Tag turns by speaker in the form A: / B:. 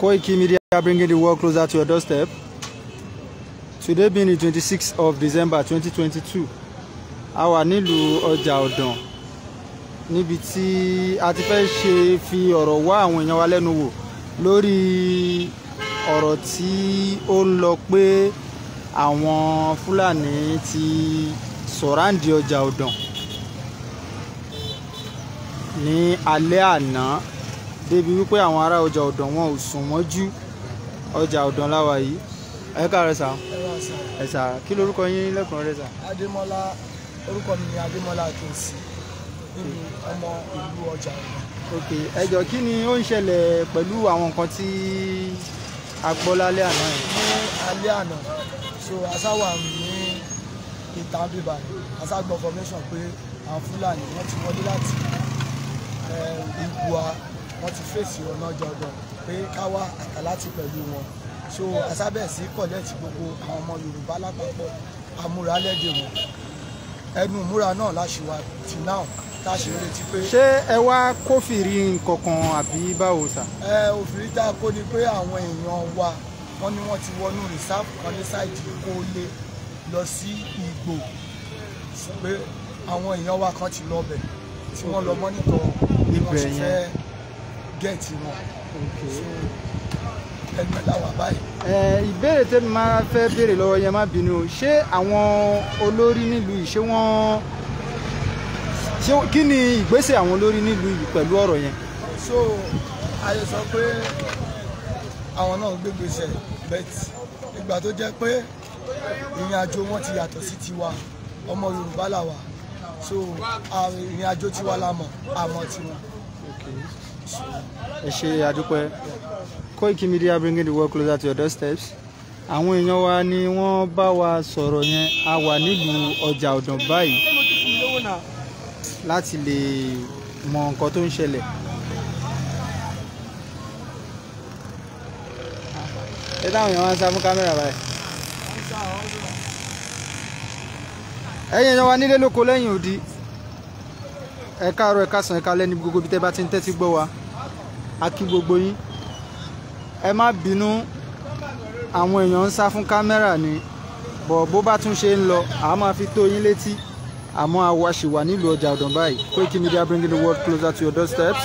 A: Koiki Media bringing the world closer to your doorstep. Today being the 26th of December 2022, a wà nílùú ọjà ọ̀dàn níbi tí a fi ọ̀rọ̀ wá àwọn èèyàn wa lẹ́nu wò lórí ọ̀rọ̀ tí ó ń lọ pé àwọn Fúlàní ti sọ̀ráǹdì ọjà débi wípé àwọn ará ọjà ọ̀dàn wọn ò sùn mọ́jú ọjà ọ̀dàn láwa yìí ẹ káàárọ̀ sà ẹ sà kí lorúkọ yín lẹ́kùnrin rẹ sà.
B: adémọlá orúkọ mi ni adémọlá akinsi níbi ọmọ ìlú ọjà
A: ọ̀dàn. ok kí ni ó ń ṣẹlẹ̀ pẹ̀lú àwọn nǹkan tí a gbọ́ lálẹ́ àná yìí. ní
B: alẹ́ àná so asáwà ní ìta bíbá aságbọ̀ formation pé àwọn fúlàní wọ́n ti wọlé láti ìgbòha eh, wọ́n ti fèsì ọ̀nà jọ̀dọ̀ pé ká wá àkàlàtì pẹ̀lú wọn so àsábẹ̀sí kọ̀lẹ́tì gbogbo àwọn ọmọ Yorùbá lápapọ̀ amúralẹ́dẹ̀ wọn ẹnu ìmúra náà láṣìwà tì náà tá a ṣe retí pé.
A: ṣé ẹ wá kófìrí nǹkankan àbí báwo sà.
B: ẹ òfìrí tá a kó ni pé àwọn èèyàn wa wọ́n ní wọ́n ti wọnú rìsáàfù kan ní sáìdì Kólé lọ sí Ìgbò pé àwọn èèyàn wa kan ti lọ bẹ̀ tí wọ́n lọ mọ́nítọ̀ bí wọ́n gẹ̀ẹ́tì wọn ẹnu ẹ̀ láwà báyìí.
A: ìbéèrè tẹ́mi máa fẹ́ béèrè lọ́wọ́ yẹn má bínú o ṣé àwọn olórí nílùú yìí ṣé wọ́n kí ni ìgbésẹ̀ àwọn olórí nílùú yìí pẹ̀lú ọ̀rọ̀ yẹn.
B: so ayọ̀ sọ pé àwọn náà gbégbèsè bet ìgbà tó jẹ́ pé ìrìn àjò wọn ti yàtọ̀ sí tiwa ọmọ Yorùbá làwà so ìrìn àjò tiwa la mọ̀ àmọ́ tiwọn
A: ẹ ṣe àdúpẹ́ Koiki Media bringing the world closer to your doorsteps àwọn èèyàn wa ni wọ́n bá wa sọ̀rọ̀ yẹn a wà nílùú ọjà ọ̀dàn báyìí láti lè mọ nǹkan tó ń ṣẹlẹ̀. ẹ táwọn èèyàn wá ń sá fún kámẹ́rà báyìí. ẹ̀yin èèyàn wa nílé lóko lẹ́yìn odi ẹ káàárọ̀ ẹ káàsán ẹ káalẹ́ gbogbo ibi tẹ́ bá ti ń tẹ́tí gbọ́ wa a kí gbogbo yín ẹ má bínú àwọn èèyàn ń sá fún kámẹ́rà ni bọ̀ bó bá tún ṣe ń lọ àá máa fi tó yín létí àmọ́ àwa ṣì wà nílùú ọjà ọ̀dàn báyìí Koiki Media bringing the world closer to your doorsteps.